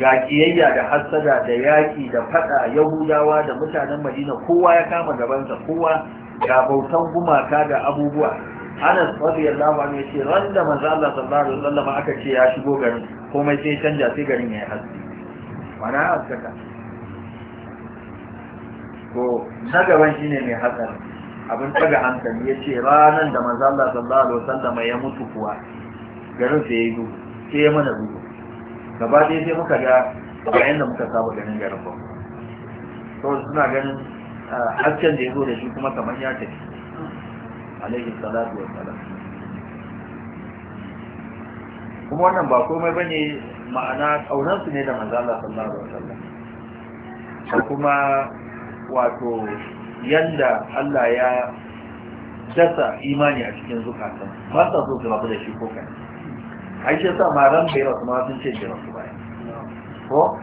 ga kiyayya da hassada da yaƙi da fada yahudawa da mutanen madina kowa ya kama gabansa kowa ga bautan gumaka da abubuwa anas radiyallahu anhu yace ran da manzo Allah sallallahu alaihi wasallam aka ce ya shigo garin komai sai canja sai garin ya haske mana haskaka ko na gaban shine mai hatsari abin taga hankali ce ranan da manzo Allah sallallahu alaihi wasallam ya mutu kuwa garin sai ya yi duhu sai ya mana duhu gaba ɗaya sai muka ga yayin da muka saba ganin garin ba suna ganin hasken da ya zo da shi kuma kamar ya tafi alaihi salatu wa salam kuma wannan ba komai bane ma'ana kaunar su ne da manzo Allah sallallahu alaihi wasallam ko kuma wato yanda Allah ya dasa imani a cikin zukatan ba sa so su rabu da shi ko kai. aisha ta maran ran bai rasu ma sun ce jira rasu ko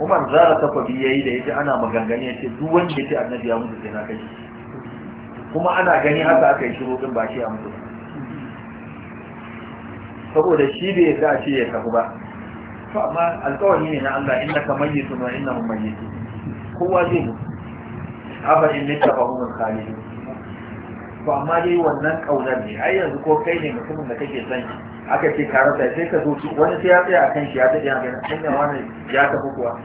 umar zara fabi yayi da yaji ana maganganu yace duk wanda yace annabi ya mutu sai na kai kuma ana gani haka aka yi shiru din ba shi ya mutu saboda shi bai yarda a ce ya tafi ba to amma alƙawari ne na Allah innaka mayyitun wa innahum mayyitun kowa zai mutu afa in nita fahumul khalid to amma dai wannan kaunar ne ai yanzu ko kai ne mutumin da kake son shi aka ce ka rasa sai ka zo wani sai ya tsaya a kan shi ya tsaya a kan hanyar wani ya tafi kuwa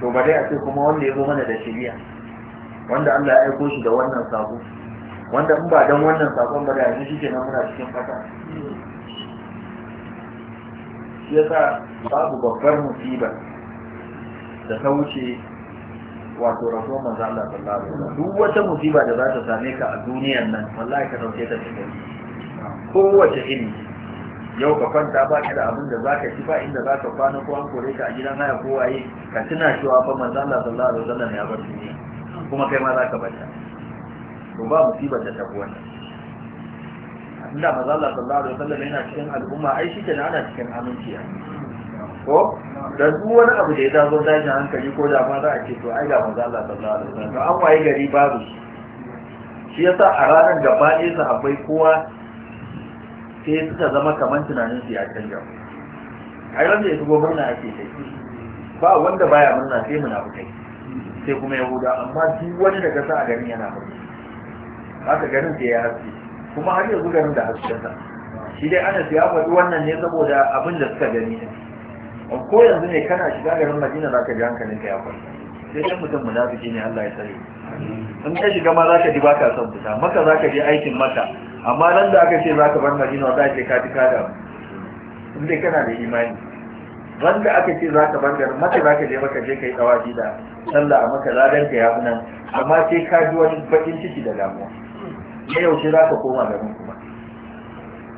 to ba dai a ce kuma wanda ya zo mana da shiriya wanda Allah ya aiko shi da wannan sako wanda in ba dan wannan sakon ba da yanzu shi kenan muna cikin fata shi sa babu babbar musiba da ta wuce wato rasuwar manzo Allah sallallahu alaihi wasallam duk wata musiba da za ta same ka a duniyar nan wallahi ka dauke ta cikin kowace iri yau ka kwanta ba ka da abin da ka ci ba inda za ka kwana ko an kore ka a gidan haya ko waye ka tuna cewa fa manzo Allah sallallahu alaihi wasallam ya bar duniya kuma kai ma za ka bata to ba musibar da ta kuwa inda manzo Allah sallallahu alaihi wasallam yana cikin al'umma ai shi kenan ana cikin aminci ko da duk wani abu da ya zazo dajin hankali ko da ma za a ce to ai ga manzo Allah sallallahu alaihi wasallam to an waye gari babu shi yasa a ranar gaba ɗaya sahabbai kowa sai suka zama kamar tunanin su ya canja ai wanda ya shigo murna ake sai ba wanda baya murna sai munafukai sai kuma yahuda amma duk wani da kasa a garin yana murna haka garin sai ya haske kuma har yanzu garin da sa. shi dai ana ya faɗi wannan ne saboda abin da suka gani ne ko yanzu ne kana shiga garin madina za ka ji hankalinka ya kwanta sai dan mutum munafiki ne Allah ya tsare in ka shiga ma zaka ji baka son fita maka zaka je aikin maka amma nan da aka ce zaka bar Madina za ka ka kada ba. in dai kana da imani ran da aka ce zaka bar garin maka zaka je maka je kai tawaji da sallah a maka ladan ka yafi nan amma sai ka ji wani bakin ciki da damuwa ne yaushe za ka koma garin kuma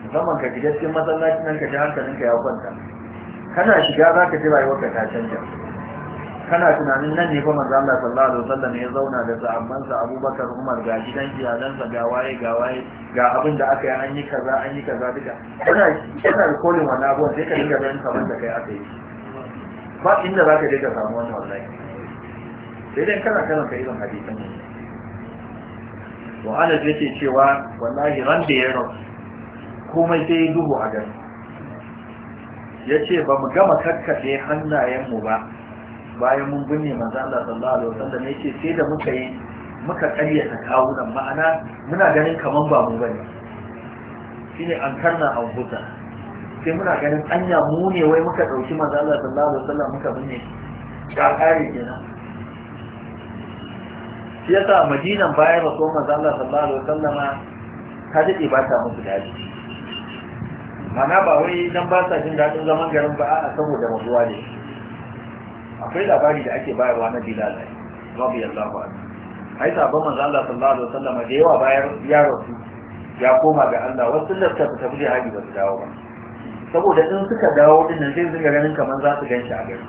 musamman ka ji cikin masallacin nan ka ji hankalinka ya kwanta kana shiga za ka ji rayuwarka ta canja kana tunanin nan ne fa manzo Allah sallallahu alaihi wasallam ya zauna da sahabbansa Abubakar Umar ga gidan iyalansa ga waye ga waye ga abin da aka yi an yi kaza an yi kaza duka kana kana recalling wannan abubuwan sai ka dinga ganin kamar da kai aka yi ba inda za ka je ka samu wannan wallahi sai dai kana kana kai irin hadisan to Anas yake cewa wallahi ran da ya komai sai duhu a gari ya ce ba mu gama kakkafe hannayenmu ba bayan mun binne manzo Allah sallallahu alaihi wasallam yace sai da muka yi muka ƙaryata kawunan ma'ana muna ganin kaman ba mu bane shine an karna an huta sai muna ganin anya mu ne wai muka ɗauki manzo Allah sallallahu alaihi wasallam muka binne ga ƙare kenan shi yasa madinan bayan rasul manzo Allah sallallahu alaihi wasallama ta dade ba ta musu daɗi mana ba wai dan ba sa jin daɗin zaman garin ba a saboda mazuwa ne akwai labari da ake bayarwa na bilal rabi yallahu anhu ai sabon manzo Allah sallallahu alaihi wasallam da yawa bayan ya rasu ya koma ga Allah wasu da suka fita bi haji ba su dawo ba saboda in suka dawo din nan zai zuga ganin kamar za su ganshi a gari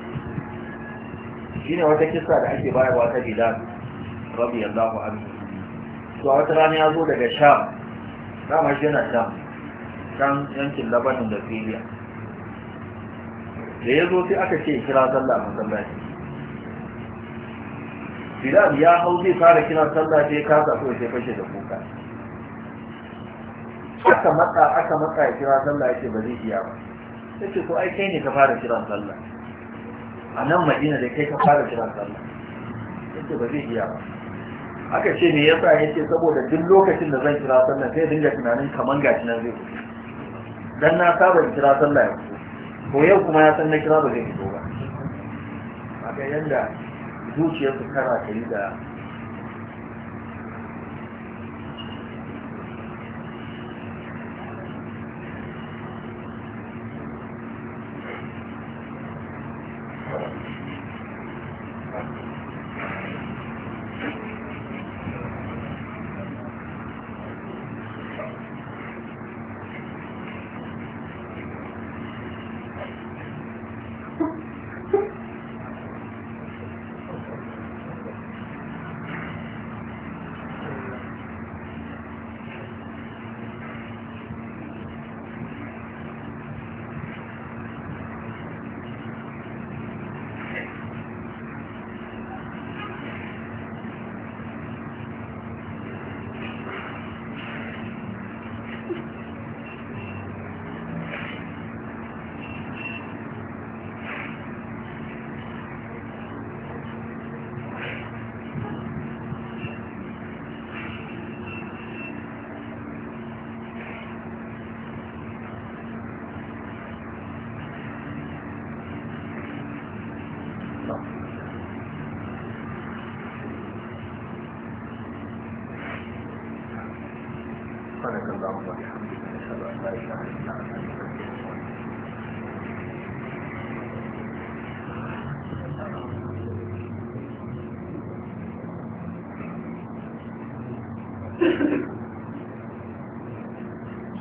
shine wata kissa da ake bayarwa ta bilal rabi yallahu anhu to wata rana ya zo daga sham dama shi yana sham kan yankin labanin da filiya da ya zo sai aka ce kira sallah a masallaci bilal ya hau zai fara kira sallah sai kasa ko sai fashe da kuka aka matsa aka matsa ya kira sallah yake ba zai iya ba sai ce ko ai kai ne ka fara kiran sallah a nan madina da kai ka fara kiran sallah yake ba zai iya ba aka ce me yasa ce saboda duk lokacin da zan kira sallah sai dinga tunanin kaman gashi nan zai dan na saba kira sallah ya yau to yau kuma ya san na kira ba zai fito ba a ga yanda zuciyarsu kara ta yi da